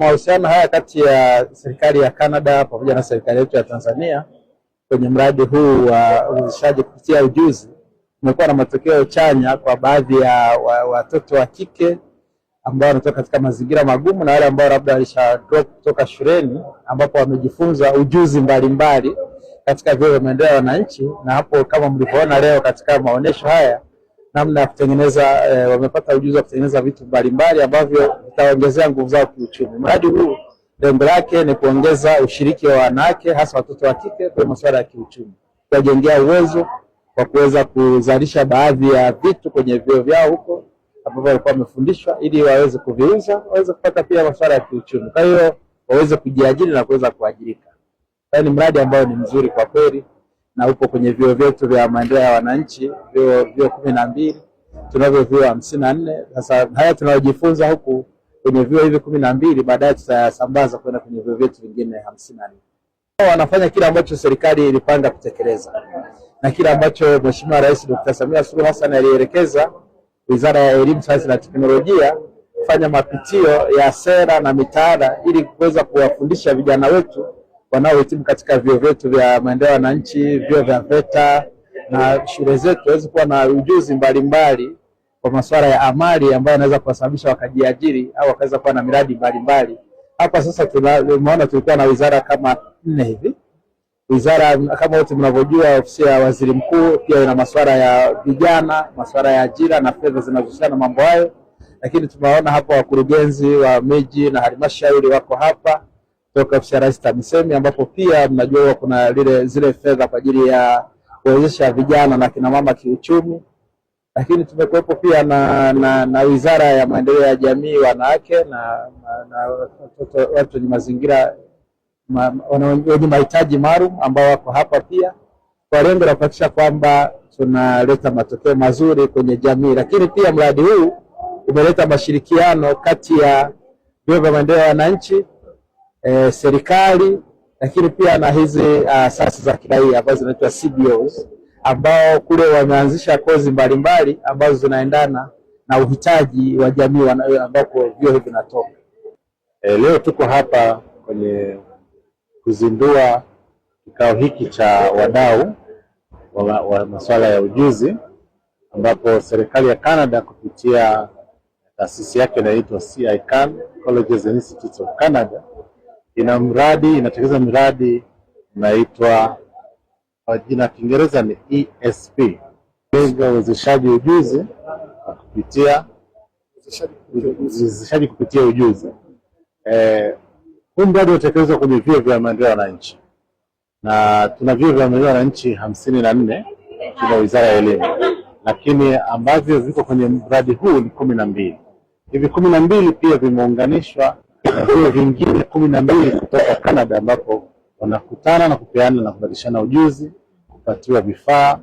Mahusiano haya kati ya serikali ya Canada pamoja na serikali yetu ya Tanzania kwenye mradi huu wa uwezeshaji kupitia ujuzi umekuwa na matokeo chanya kwa baadhi ya watoto wa, wa kike ambao wanatoka katika mazingira magumu na wale ambao labda walisha drop kutoka shuleni ambapo wamejifunza ujuzi mbalimbali mbali katika vyuo vya maendeleo ya wananchi, na hapo kama mlivyoona leo katika maonyesho haya namna ya kutengeneza e, wamepata ujuzi wa kutengeneza vitu mbalimbali ambavyo vitaongezea nguvu zao kiuchumi. Mradi huu lengo lake ni kuongeza ushiriki wa wanawake hasa watoto wa kike kwenye masuala ya kiuchumi, kuwajengea uwezo wa kuweza kuzalisha baadhi ya vitu kwenye vyuo vyao huko ambavyo walikuwa wamefundishwa, ili waweze kuviuza, waweze kupata pia masuala ya kiuchumi, kwa hiyo waweze kujiajiri na kuweza kuajirika. Ni mradi ambao ni mzuri kwa kweli na upo kwenye vyuo vyetu vya maendeleo ya wananchi, vyuo kumi na mbili tunavyo vyuo hamsini na nne. Sasa haya tunayojifunza huku kwenye vyuo hivi kumi na mbili baadaye tutayasambaza kwenda kwenye vyuo vyetu vingine hamsini na nne. Wanafanya kile ambacho serikali ilipanga kutekeleza na kile ambacho Mheshimiwa Rais Dr. Samia Suluhu Hassan alielekeza Wizara ya Elimu, Sayansi na Teknolojia kufanya mapitio ya sera na mitaala ili kuweza kuwafundisha vijana wetu wanaohitimu katika vyuo vyetu vya maendeleo ya wananchi, vyuo vya VETA na shule zetu waweze kuwa na ujuzi mbalimbali mbali, kwa masuala ya amali ambayo yanaweza kuwasababisha wakajiajiri au wakaweza kuwa na miradi mbalimbali. Hapa sasa tumeona tulikuwa na wizara kama nne hivi. Wizara kama wote mnavyojua, ofisi ya waziri mkuu pia ina masuala ya vijana, masuala ya ajira na fedha zinazohusiana mambo hayo, lakini tumewaona hapa wakurugenzi wa miji na halmashauri wako hapa kutoka ofisi ya Rais TAMISEMI, ambapo pia mnajua kuna lile zile fedha kwa ajili ya kuwezesha vijana na kina mama kiuchumi, lakini tumekuwepo pia na, na, na wizara ya maendeleo ya jamii, wanawake na, na, na watu wenye mazingira wenye mahitaji maalum ambao wako hapa pia kwa lengo la kuhakikisha kwamba tunaleta matokeo mazuri kwenye jamii. Lakini pia mradi huu umeleta mashirikiano kati ya vyombo vya maendeleo ya wananchi e, serikali lakini pia na hizi ah, asasi za kiraia ambazo zinaitwa CBOs ambao kule wameanzisha kozi mbalimbali ambazo zinaendana na uhitaji wa jamii ambapo vio hivi vinatoka. E, leo tuko hapa kwenye kuzindua kikao hiki cha wadau wa, wa masuala ya ujuzi ambapo serikali ya Canada kupitia taasisi yake inaitwa CICAN Colleges and Institutes of Canada ina mradi inatekeleza miradi inaitwa kwa jina Kiingereza ni ESP, lenga uwezeshaji ujuzi kupitia uwezeshaji kupitia ujuzi. Eh, huu mradi unatekelezwa kwenye vyuo vya maendeleo ya wananchi na tuna vyuo vya maendeleo ya wananchi hamsini na nne chini Wizara ya Elimu, lakini ambavyo viko kwenye mradi huu ni kumi na mbili. Hivi kumi na mbili pia vimeunganishwa vio vingine kumi na mbili kutoka Canada ambapo wanakutana na kupeana na kubadilishana ujuzi, kupatiwa vifaa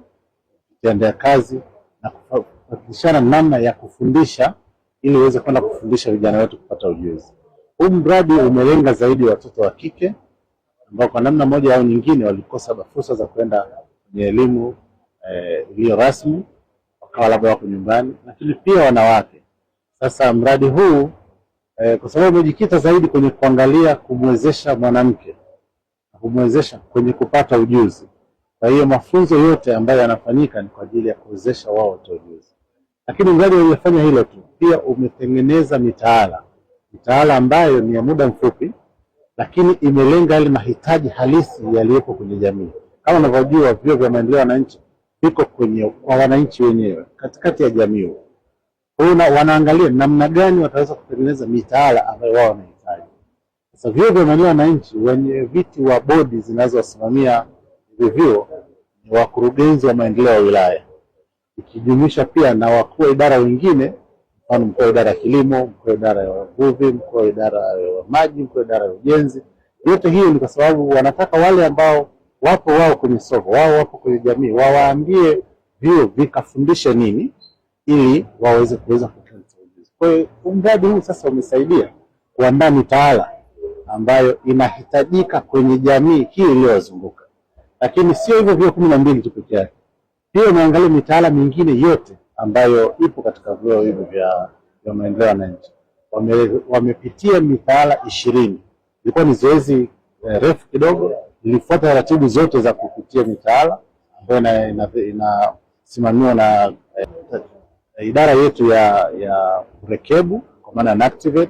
kutendea kazi na kubadilishana namna ya kufundisha ili uweze kwenda kufundisha vijana wetu kupata ujuzi. Huu mradi umelenga zaidi watoto wa kike ambao kwa namna moja au nyingine walikosa fursa za kwenda kwenye elimu eh, iliyo rasmi, wakawa labda wako nyumbani, lakini pia wanawake. Sasa mradi huu eh, kwa sababu umejikita zaidi kwenye kuangalia kumwezesha mwanamke kumwezesha kwenye kupata ujuzi. Kwa hiyo mafunzo yote ambayo yanafanyika ni kwa ajili ya kuwezesha wao watoe ujuzi, lakini mradi haujafanya hilo tu, pia umetengeneza mitaala, mitaala ambayo ni ya muda mfupi, lakini imelenga yale mahitaji halisi yaliyopo kwenye jamii. Kama unavyojua, vyuo vya maendeleo ya wananchi viko kwenye kwa wananchi wenyewe, katikati ya jamii. Una, wanaangalia namna gani wataweza kutengeneza mitaala ambayo wao wanahitaji. Sasa vyuo vya maendeleo wananchi, wenye viti wa bodi zinazosimamia hivyo vyuo ni wakurugenzi wa maendeleo ya wilaya, ikijumuisha pia na wakuu wa idara wengine, mfano mkuu wa idara ya kilimo, mkuu wa idara ya uvuvi, mkuu wa idara ya maji, mkuu wa idara ya ujenzi. Yote hiyo ni kwa sababu wanataka wale ambao wapo wao kwenye soko, wao wapo kwenye jamii, wawaambie vyuo vikafundishe nini ili waweze kuweza kutoa usaidizi. Kwa hiyo mradi huu sasa umesaidia kuandaa mitaala ambayo inahitajika kwenye jamii hii iliyozunguka, lakini sio hivyo vyuo kumi na mbili tu peke yake, pia umeangalia mitaala mingine yote ambayo ipo katika vyuo hivyo vya maendeleo ya wananchi. Wame, wamepitia mitaala ishirini. Ilikuwa ni zoezi eh, refu kidogo, ilifuata taratibu zote za kupitia mitaala ambayo inasimamiwa na eh, Eh, idara yetu ya ya urekebu kwa maana NACTVET.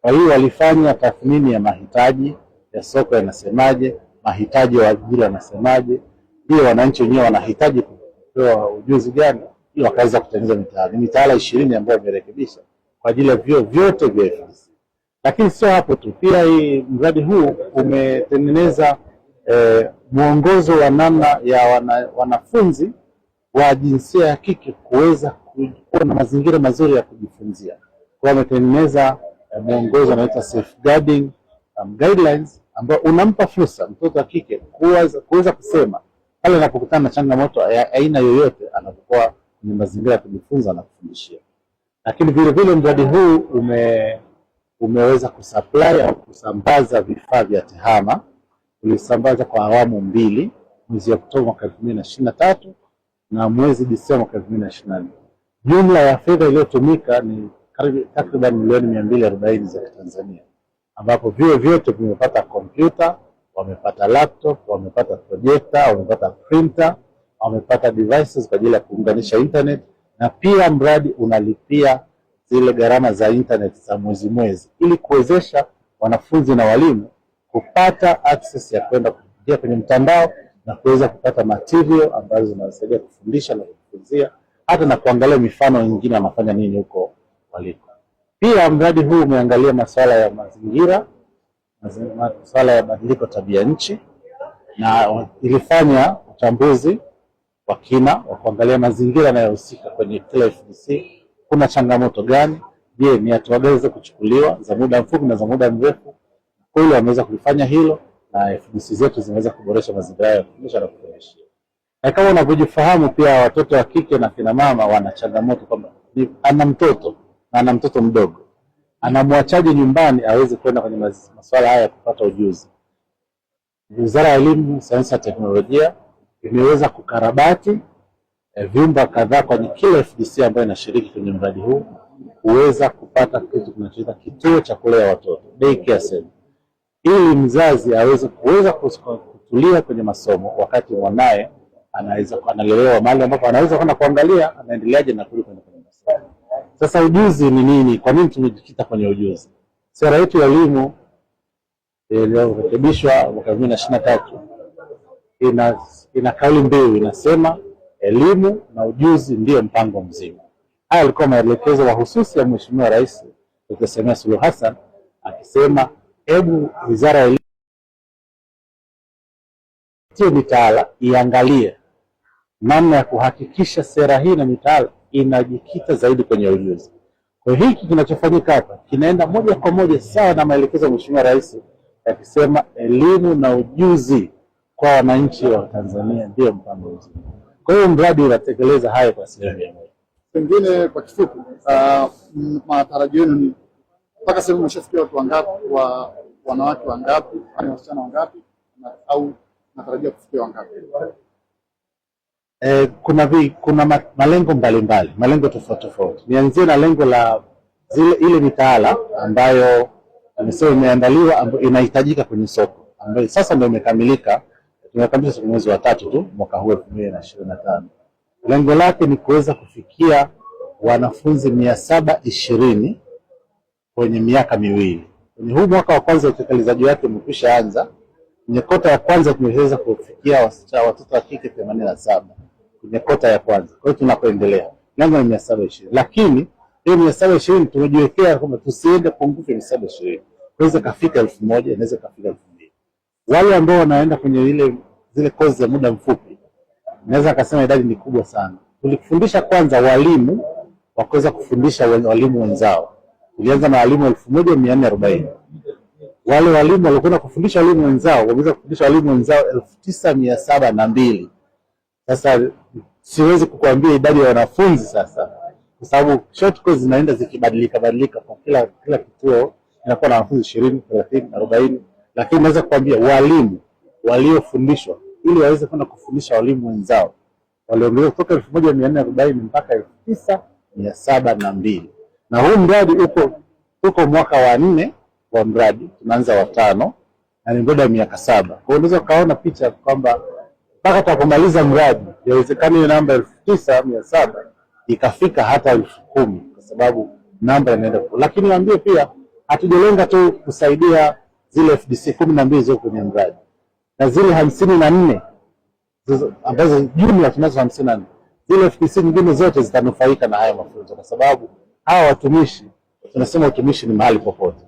Kwa hiyo walifanya tathmini ya mahitaji ya soko yanasemaje, mahitaji ya ajira yanasemaje, je, wananchi wenyewe wanahitaji kupewa ujuzi gani, ili wakaweza kutengeneza mitaala. Mitaala ishirini ambayo imerekebisha kwa ajili ya vyuo vyote vya FCC. Lakini sio hapo tu, pia hii mradi huu umetengeneza eh, mwongozo wa namna ya wana, wanafunzi wa jinsia ya kike kuweza kuwa na mazingira mazuri ya kujifunzia. Kwa hiyo ametengeneza mwongozo anaita safeguarding um, guidelines ambao unampa fursa mtoto wa kike kuweza kusema pale anapokutana na changamoto ya aina yoyote anapokuwa kwenye mazingira ya kujifunza na kufundishia. Lakini vile vile mradi huu ume, umeweza kusupply au kusambaza vifaa vya TEHAMA. Ulisambaza kwa awamu mbili mwezi Oktoba mwaka elfu mbili na ishirini na tatu na mwezi Disemba mwaka elfu mbili na ishirini na nne. Jumla ya fedha iliyotumika ni takriban milioni mia mbili arobaini za Kitanzania, ambapo vyuo vyote vimepata kompyuta, wamepata laptop, wamepata projekta, wamepata printer, wamepata devices kwa ajili ya kuunganisha internet, na pia mradi unalipia zile gharama za internet za mwezi mwezi, ili kuwezesha wanafunzi na walimu kupata access ya kwenda kupitia kwenye mtandao na kuweza kupata material ambazo zinawasaidia kufundisha na kufunzia hata na kuangalia mifano mingine wanafanya nini huko waliko. Pia mradi huu umeangalia masuala ya mazingira, masuala ya badiliko tabia nchi, na ilifanya utambuzi wa kina wa kuangalia mazingira yanayohusika kwenye kila FDC. Kuna changamoto gani? Je, ni hatua gani za kuchukuliwa za muda mfupi na za muda mrefu? Kweli wameweza kulifanya hilo, na FDC zetu zimeweza kuboresha mazingira yao ya kufundisha na kuboresha na kama unavyojifahamu pia watoto wa kike na kina mama wana changamoto kwamba ana mtoto na ana mtoto mdogo, anamwachaje nyumbani aweze kwenda kwenye masuala haya ya kupata ujuzi? Wizara ya Elimu, Sayansi na Teknolojia imeweza kukarabati eh, vyumba kadhaa kwenye kila FDC ambayo inashiriki kwenye mradi huu kuweza kupata kitu kinachoita kituo cha kulea watoto daycare center, ili mzazi aweze kuweza kutulia kwenye masomo wakati mwanaye anaweza analelewa mahali ambapo anaweza kwenda kuangalia anaendeleaje na kule kwenda kwenye masomo. Sasa ujuzi ni nini? Kwa nini tumejikita kwenye ujuzi? Sera yetu ya elimu eh, iliyorekebishwa mwaka elfu mbili na ishirini na tatu ina, ina kauli mbiu inasema elimu na ujuzi ndiyo mpango mzima. Haya alikuwa maelekezo mahususi ya Mheshimiwa Rais Dr. Samia Suluhu Hassan akisema hebu wizara ya elimu mitaala iangalie namna ya kuhakikisha sera hii na mitaala inajikita zaidi kwenye ujuzi. Kwa hiyo hiki kinachofanyika hapa kinaenda moja kwa moja sawa na maelekezo ya Mheshimiwa Rais akisema elimu na ujuzi kwa wananchi wa Tanzania ndio mpango mzima. Kwa hiyo mradi unatekeleza hayo kwa asilimia mia moja. Pengine kwa kifupi, uh, matarajio yenu ni mpaka sasa mmeshafikia watu wangapi wa wanawake wangapi, wasichana wangapi, au natarajia kufikia wangapi? eh, kuna vi, kuna malengo mbalimbali malengo tofauti tofauti. Nianzie na lengo la zile ile mitaala ambayo amesema imeandaliwa ambayo inahitajika kwenye soko ambayo sasa ndio imekamilika, tumekamilisha mwezi wa tatu tu mwaka huu elfu mbili na ishirini na tano. Lengo lake ni kuweza kufikia wanafunzi mia saba ishirini kwenye miaka miwili. Kwenye huu mwaka wa kwanza utekelezaji wake umekwisha anza. Kwenye kota ya kwanza tumeweza kufikia watoto wa kike themanini na saba kwenye kota ya kwanza. Kwa hiyo tunapoendelea lengo ni mia saba ishirini, lakini hiyo mia saba ishirini tumejiwekea kwamba tusiende kupunguza mia saba ishirini. Inaweza kafika elfu moja inaweza kafika elfu mbili Wale ambao wanaenda kwenye ile zile kozi za muda mfupi, naweza akasema idadi ni kubwa sana. Tulifundisha kwanza walimu wakaweza kufundisha walimu wenzao, tulianza na walimu elfu moja mia nne arobaini wale walimu walikwenda kufundisha walimu wenzao wameweza kufundisha walimu wenzao elfu tisa mia saba na mbili Sasa siwezi kukuambia idadi ya wanafunzi sasa, kwa sababu short course zinaenda zikibadilika badilika, kwa kila kila kituo inakuwa na wanafunzi ishirini, thelathini, arobaini, lakini naweza kukwambia walimu waliofundishwa ili waweze kwenda kufundisha walimu wenzao waliongezeka kutoka elfu moja mia nne arobaini mpaka elfu tisa mia saba na mbili na huu mradi uko uko mwaka wa nne wa mradi, tunaanza watano na ni mradi wa miaka saba. Kwa hiyo unaweza ukaona picha kwamba mpaka tutakapomaliza mradi yawezekana hiyo namba elfu tisa mia saba ikafika hata elfu kumi kwa sababu namba inaenda. Lakini niambie pia, hatujalenga tu kusaidia zile FDC kumi na mbili ziko kwenye mradi na zile hamsini na nne ambazo jumla tunazo hamsini na nne zile FDC nyingine zote zitanufaika na haya mafunzo, kwa sababu hawa watumishi tunasema, watumishi ni mahali popote.